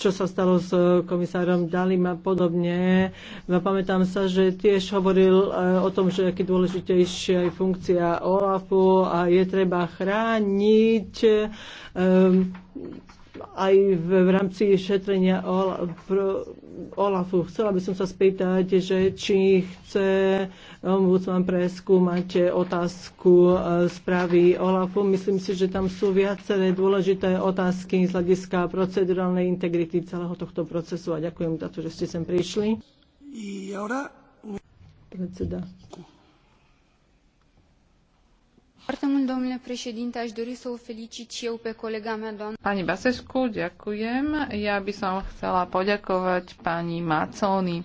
čo sa stalo s komisárom Dalim a podobne. A no, pamätám sa, že tiež hovoril eh, o tom, že aký dôležitejšia je funkcia OLAFu a je treba chrániť um, aj v rámci šetrenia OLAFu. Chcela by som sa spýtať, že či chce ombudsman preskúmať otázku e, správy OLAFu. Myslím si, že tam sú viaceré dôležité otázky z hľadiska procedurálnej integrity celého tohto procesu a ďakujem za to, že ste sem prišli. Predseda. Pani Basesku, ďakujem. Ja by som chcela poďakovať pani Maconi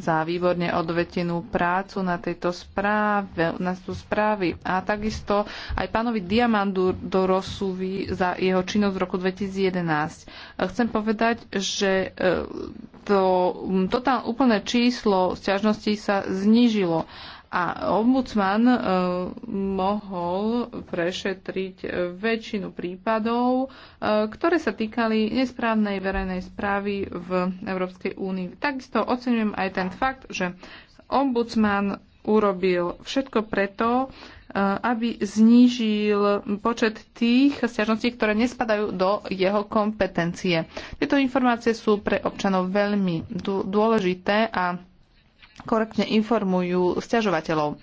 za výborne odvetenú prácu na tejto správe, na tú správy. A takisto aj pánovi Diamandu do Rosuvi za jeho činnosť v roku 2011. Chcem povedať, že e, to úplné číslo sťažností sa znížilo a ombudsman e, mohol prešetriť väčšinu prípadov, e, ktoré sa týkali nesprávnej verejnej správy v Európskej únii. Takisto oceňujem aj ten fakt, že ombudsman urobil všetko preto, e, aby znížil počet tých stiažností, ktoré nespadajú do jeho kompetencie. Tieto informácie sú pre občanov veľmi dôležité a korektne informujú sťažovateľov. E,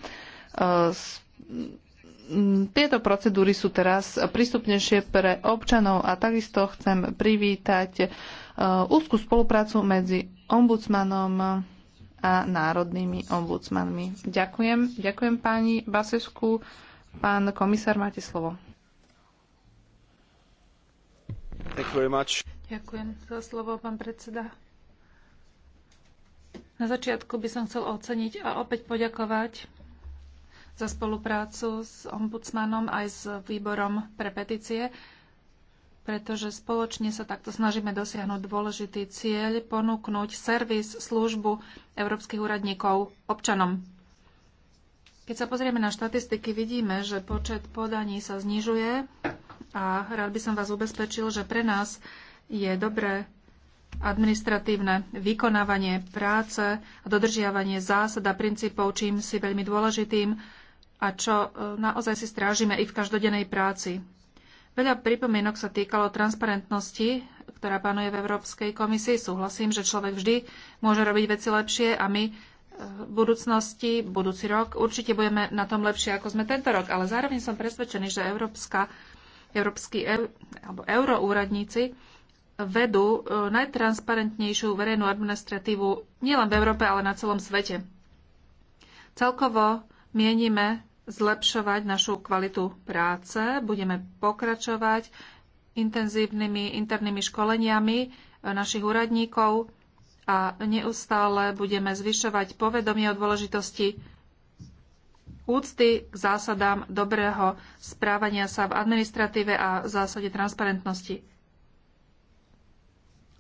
tieto procedúry sú teraz prístupnejšie pre občanov a takisto chcem privítať e, úzkú spoluprácu medzi ombudsmanom a národnými ombudsmanmi. Ďakujem, ďakujem pani Basesku. Pán komisár, máte slovo. Ďakujem za slovo, pán predseda. Na začiatku by som chcel oceniť a opäť poďakovať za spoluprácu s ombudsmanom aj s výborom pre petície, pretože spoločne sa takto snažíme dosiahnuť dôležitý cieľ ponúknuť servis, službu európskych úradníkov občanom. Keď sa pozrieme na štatistiky, vidíme, že počet podaní sa znižuje a rád by som vás ubezpečil, že pre nás je dobré administratívne vykonávanie práce a dodržiavanie zásad a princípov, čím si veľmi dôležitým a čo e, naozaj si strážime i v každodennej práci. Veľa pripomienok sa týkalo transparentnosti, ktorá panuje v Európskej komisii. Súhlasím, že človek vždy môže robiť veci lepšie a my e, v budúcnosti, budúci rok, určite budeme na tom lepšie, ako sme tento rok. Ale zároveň som presvedčený, že Európska, Európsky alebo euroúradníci vedú e, najtransparentnejšiu verejnú administratívu nielen v Európe, ale na celom svete. Celkovo mienime zlepšovať našu kvalitu práce, budeme pokračovať intenzívnymi internými školeniami e, našich úradníkov a neustále budeme zvyšovať povedomie o dôležitosti úcty k zásadám dobrého správania sa v administratíve a v zásade transparentnosti.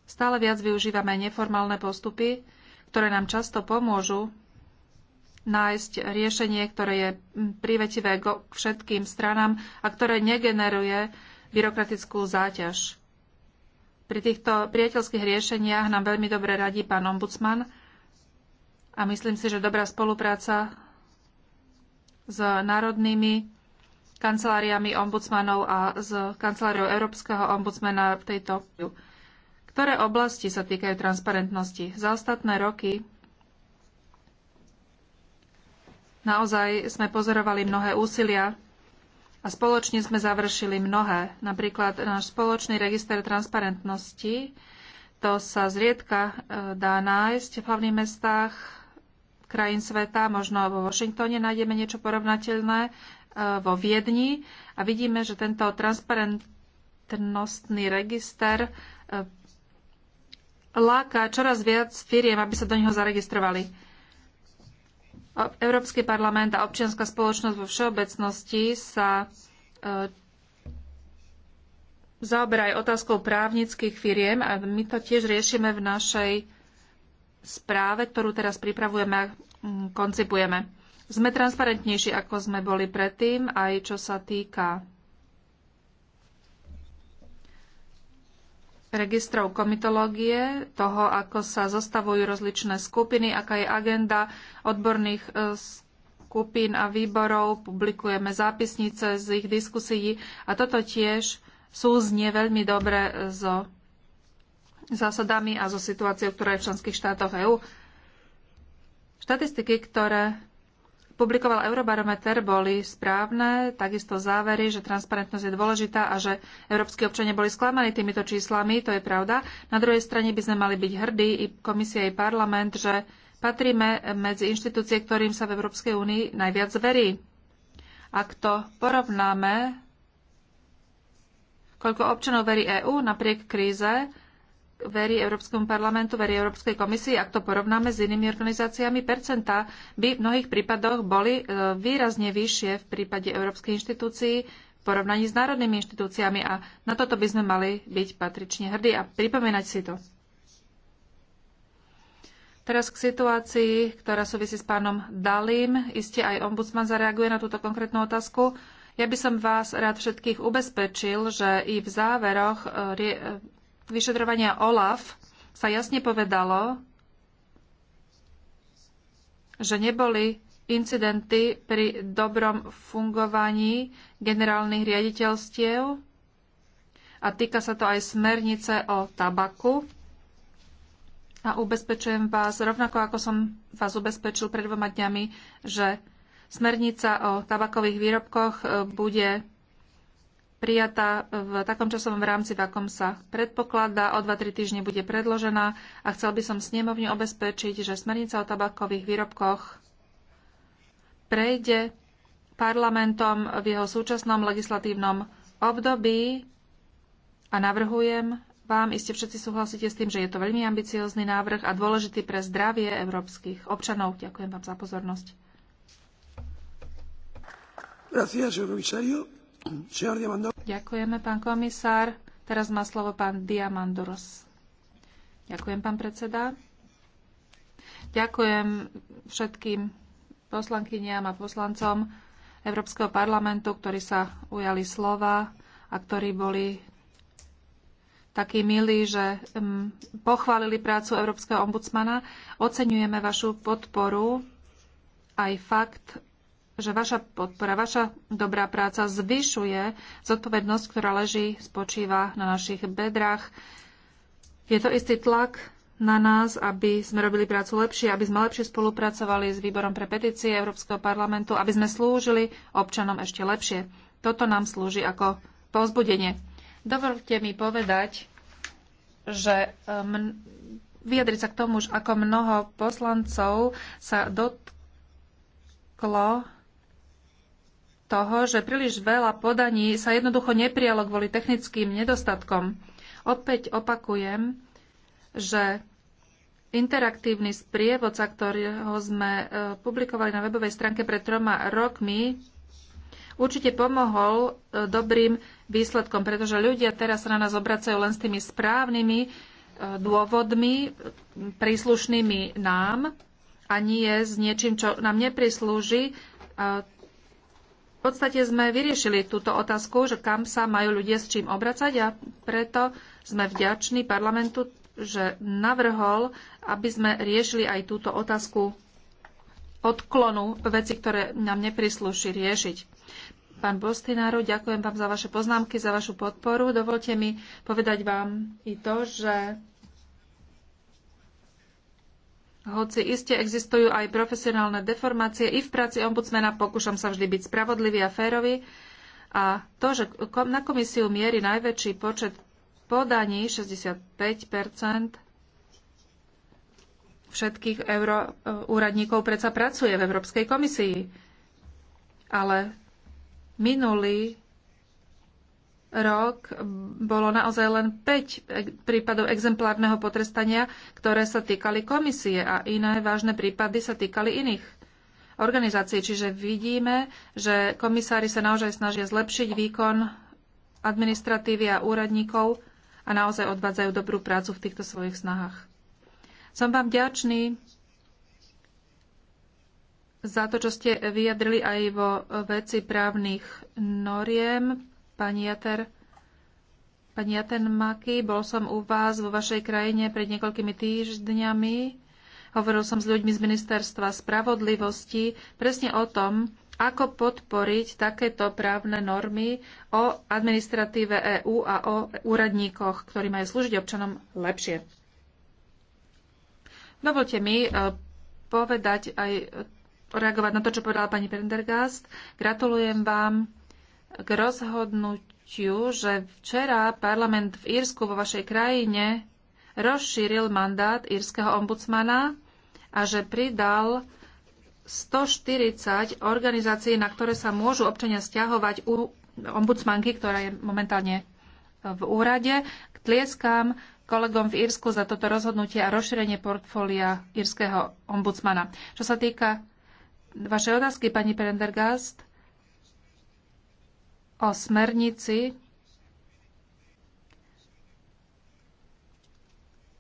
Stále viac využívame neformálne postupy, ktoré nám často pomôžu nájsť riešenie, ktoré je privetivé k všetkým stranám a ktoré negeneruje byrokratickú záťaž. Pri týchto priateľských riešeniach nám veľmi dobre radí pán ombudsman a myslím si, že dobrá spolupráca s národnými kanceláriami ombudsmanov a s kanceláriou Európskeho ombudsmana v tejto ktoré oblasti sa týkajú transparentnosti? Za ostatné roky naozaj sme pozorovali mnohé úsilia a spoločne sme završili mnohé. Napríklad náš spoločný register transparentnosti, to sa zriedka e, dá nájsť v hlavných mestách krajín sveta, možno vo Washingtone nájdeme niečo porovnateľné, e, vo Viedni a vidíme, že tento transparentnostný register e, láka čoraz viac firiem, aby sa do neho zaregistrovali. Európsky parlament a občianská spoločnosť vo všeobecnosti sa e, zaoberá aj otázkou právnických firiem a my to tiež riešime v našej správe, ktorú teraz pripravujeme a mm, koncipujeme. Sme transparentnejší, ako sme boli predtým, aj čo sa týka registrov komitológie, toho, ako sa zostavujú rozličné skupiny, aká je agenda odborných e, skupín a výborov, publikujeme zápisnice z ich diskusií a toto tiež sú znie veľmi dobre so zásadami a so situáciou, ktorá je v členských štátoch EÚ. Štatistiky, ktoré publikoval Eurobarometer, boli správne, takisto závery, že transparentnosť je dôležitá a že európsky občania boli sklamaní týmito číslami, to je pravda. Na druhej strane by sme mali byť hrdí, i komisia, i parlament, že patríme medzi inštitúcie, ktorým sa v Európskej únii najviac verí. Ak to porovnáme, koľko občanov verí EÚ napriek kríze, verí Európskom parlamentu, verí Európskej komisii, ak to porovnáme s inými organizáciami, percentá by v mnohých prípadoch boli e, výrazne vyššie v prípade európskych inštitúcií v porovnaní s národnými inštitúciami a na toto by sme mali byť patrične hrdí a pripomínať si to. Teraz k situácii, ktorá súvisí s pánom Dalím. Isté aj ombudsman zareaguje na túto konkrétnu otázku. Ja by som vás rád všetkých ubezpečil, že i v záveroch e, vyšetrovania OLAF sa jasne povedalo, že neboli incidenty pri dobrom fungovaní generálnych riaditeľstiev a týka sa to aj smernice o tabaku. A ubezpečujem vás, rovnako ako som vás ubezpečil pred dvoma dňami, že smernica o tabakových výrobkoch e, bude prijatá v takom časovom rámci, v akom sa predpokladá. O 2-3 týždne bude predložená a chcel by som snemovne obezpečiť, že smernica o tabakových výrobkoch prejde parlamentom v jeho súčasnom legislatívnom období a navrhujem vám, iste všetci súhlasíte s tým, že je to veľmi ambiciózny návrh a dôležitý pre zdravie európskych občanov. Ďakujem vám za pozornosť. Gracias, Ďakujeme, pán komisár. Teraz má slovo pán Diamandoros. Ďakujem, pán predseda. Ďakujem všetkým poslankyniam a poslancom Európskeho parlamentu, ktorí sa ujali slova a ktorí boli takí milí, že mm, pochválili prácu Európskeho ombudsmana. Oceňujeme vašu podporu aj fakt, že vaša podpora, vaša dobrá práca zvyšuje zodpovednosť, ktorá leží, spočíva na našich bedrách. Je to istý tlak na nás, aby sme robili prácu lepšie, aby sme lepšie spolupracovali s výborom pre petície Európskeho parlamentu, aby sme slúžili občanom ešte lepšie. Toto nám slúži ako povzbudenie. Dovolte mi povedať, že mn... vyjadriť sa k tomu, že ako mnoho poslancov sa dotklo toho, že príliš veľa podaní sa jednoducho neprijalo kvôli technickým nedostatkom. Opäť opakujem, že interaktívny sprievodca, ktorého sme e, publikovali na webovej stránke pred troma rokmi, určite pomohol e, dobrým výsledkom, pretože ľudia teraz sa na nás obracajú len s tými správnymi e, dôvodmi, príslušnými nám a nie s niečím, čo nám neprislúži v podstate sme vyriešili túto otázku, že kam sa majú ľudia s čím obracať a preto sme vďační parlamentu, že navrhol, aby sme riešili aj túto otázku odklonu veci, ktoré nám neprislúši riešiť. Pán Bostináru, ďakujem vám za vaše poznámky, za vašu podporu. Dovolte mi povedať vám i to, že hoci iste existujú aj profesionálne deformácie, i v práci ombudsmena pokúšam sa vždy byť spravodlivý a férový. A to, že na komisiu mierí najväčší počet podaní, 65 všetkých euro, úradníkov predsa pracuje v Európskej komisii. Ale minulý rok bolo naozaj len 5 prípadov exemplárneho potrestania, ktoré sa týkali komisie a iné vážne prípady sa týkali iných organizácií. Čiže vidíme, že komisári sa naozaj snažia zlepšiť výkon administratívy a úradníkov a naozaj odvádzajú dobrú prácu v týchto svojich snahách. Som vám vďačný za to, čo ste vyjadrili aj vo veci právnych noriem Pani Jater, pani Maki, bol som u vás vo vašej krajine pred niekoľkými týždňami. Hovoril som s ľuďmi z Ministerstva spravodlivosti presne o tom, ako podporiť takéto právne normy o administratíve EÚ a o úradníkoch, ktorí majú slúžiť občanom lepšie. Dovolte mi e, povedať aj reagovať na to, čo povedala pani Prendergast. Gratulujem vám k rozhodnutiu, že včera parlament v Írsku vo vašej krajine rozšíril mandát írskeho ombudsmana a že pridal 140 organizácií, na ktoré sa môžu občania stiahovať u ombudsmanky, ktorá je momentálne v úrade. Tlieskam kolegom v Írsku za toto rozhodnutie a rozšírenie portfólia írskeho ombudsmana. Čo sa týka vašej otázky, pani Prendergast, o smernici,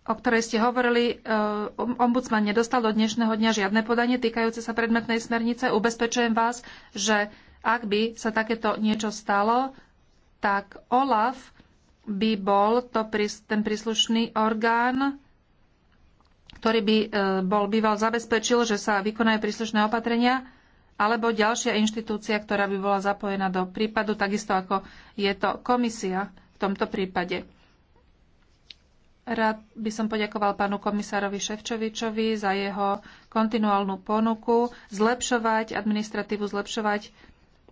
o ktorej ste hovorili, e, ombudsman nedostal do dnešného dňa žiadne podanie týkajúce sa predmetnej smernice. Ubezpečujem vás, že ak by sa takéto niečo stalo, tak OLAF by bol to, ten príslušný orgán, ktorý by e, bol býval zabezpečil, že sa vykonajú príslušné opatrenia alebo ďalšia inštitúcia, ktorá by bola zapojená do prípadu, takisto ako je to komisia v tomto prípade. Rád by som poďakoval pánu komisárovi Ševčovičovi za jeho kontinuálnu ponuku zlepšovať administratívu, zlepšovať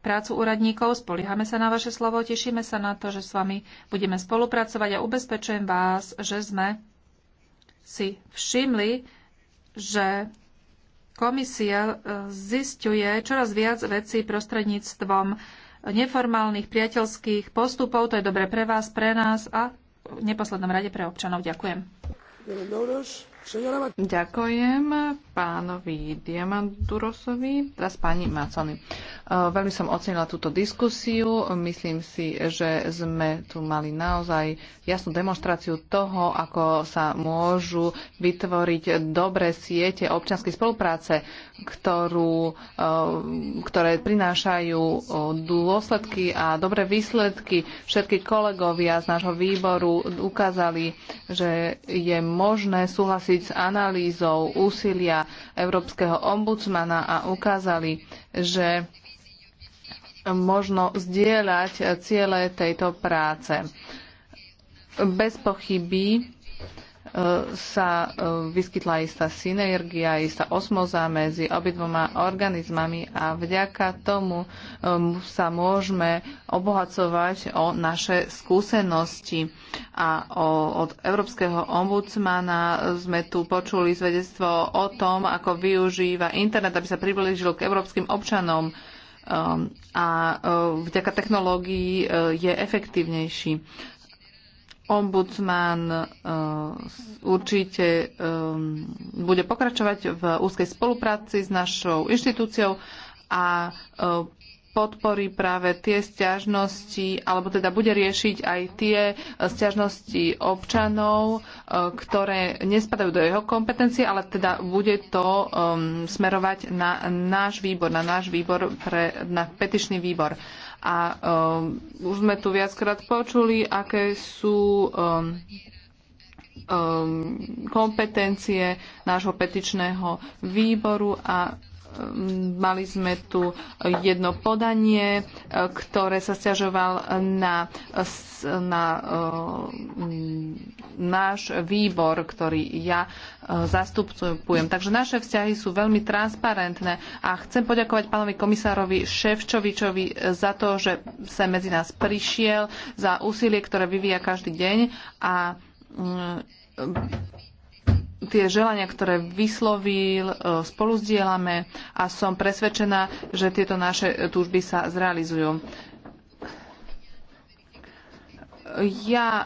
prácu úradníkov. Spoliehame sa na vaše slovo, tešíme sa na to, že s vami budeme spolupracovať a ubezpečujem vás, že sme si všimli, že Komisia e, zistuje čoraz viac vecí prostredníctvom neformálnych priateľských postupov. To je dobre pre vás, pre nás a v neposlednom rade pre občanov. Ďakujem. Ďakujem pánovi Diamandurosovi, teraz pani Macony. E, veľmi som ocenila túto diskusiu. Myslím si, že sme tu mali naozaj jasnú demonstráciu toho, ako sa môžu vytvoriť dobré siete občianskej spolupráce, ktorú, e, ktoré prinášajú e, dôsledky a dobré výsledky. Všetky kolegovia z nášho výboru ukázali, že je možné súhlasiť súhlasiť s analýzou úsilia Európskeho ombudsmana a ukázali, že možno zdieľať ciele tejto práce. Bez pochyby E, sa e, vyskytla istá synergia, istá osmoza medzi obidvoma organizmami a vďaka tomu e, sa môžeme obohacovať o naše skúsenosti. A od Európskeho ombudsmana sme tu počuli svedectvo o tom, ako využíva internet, aby sa priblížil k európskym občanom a vďaka technológií je efektívnejší. Ombudsman eh, určite eh, bude pokračovať v úzkej spolupráci s našou inštitúciou a eh, podporí práve tie stiažnosti, alebo teda bude riešiť aj tie stiažnosti občanov, ktoré nespadajú do jeho kompetencie, ale teda bude to um, smerovať na náš výbor, na náš výbor pre, na petičný výbor. A um, už sme tu viackrát počuli, aké sú um, um, kompetencie nášho petičného výboru a mali sme tu jedno podanie, e, ktoré sa stiažoval na, na e, náš výbor, ktorý ja e, zastupujem. Takže naše vzťahy sú veľmi transparentné a chcem poďakovať pánovi komisárovi Ševčovičovi za to, že sa medzi nás prišiel, za úsilie, ktoré vyvíja každý deň a tie želania, ktoré vyslovil, e, spolu sdielame a som presvedčená, že tieto naše túžby sa zrealizujú. Ja e,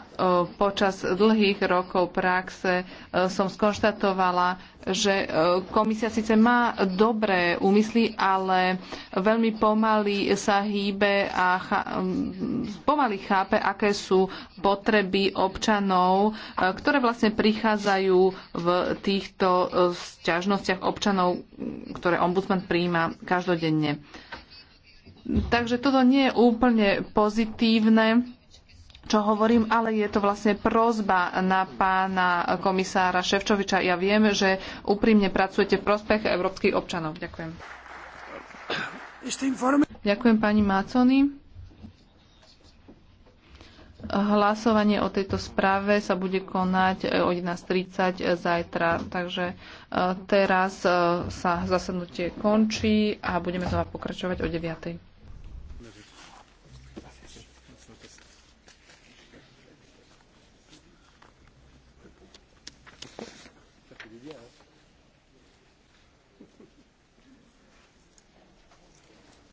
počas dlhých rokov praxe e, som skonštatovala, že e, komisia síce má dobré úmysly, ale veľmi pomaly sa hýbe a pomaly chápe, aké sú potreby občanov, ktoré vlastne prichádzajú v týchto sťažnostiach občanov, ktoré ombudsman príjma každodenne. Takže toto nie je úplne pozitívne čo hovorím, ale je to vlastne prozba na pána komisára Ševčoviča. Ja viem, že úprimne pracujete v prospech európskych občanov. Ďakujem. Ďakujem pani Mácony. Hlasovanie o tejto správe sa bude konať e, o 11.30 zajtra. Takže e, teraz e, sa zasadnutie končí a budeme znova pokračovať o 9.00.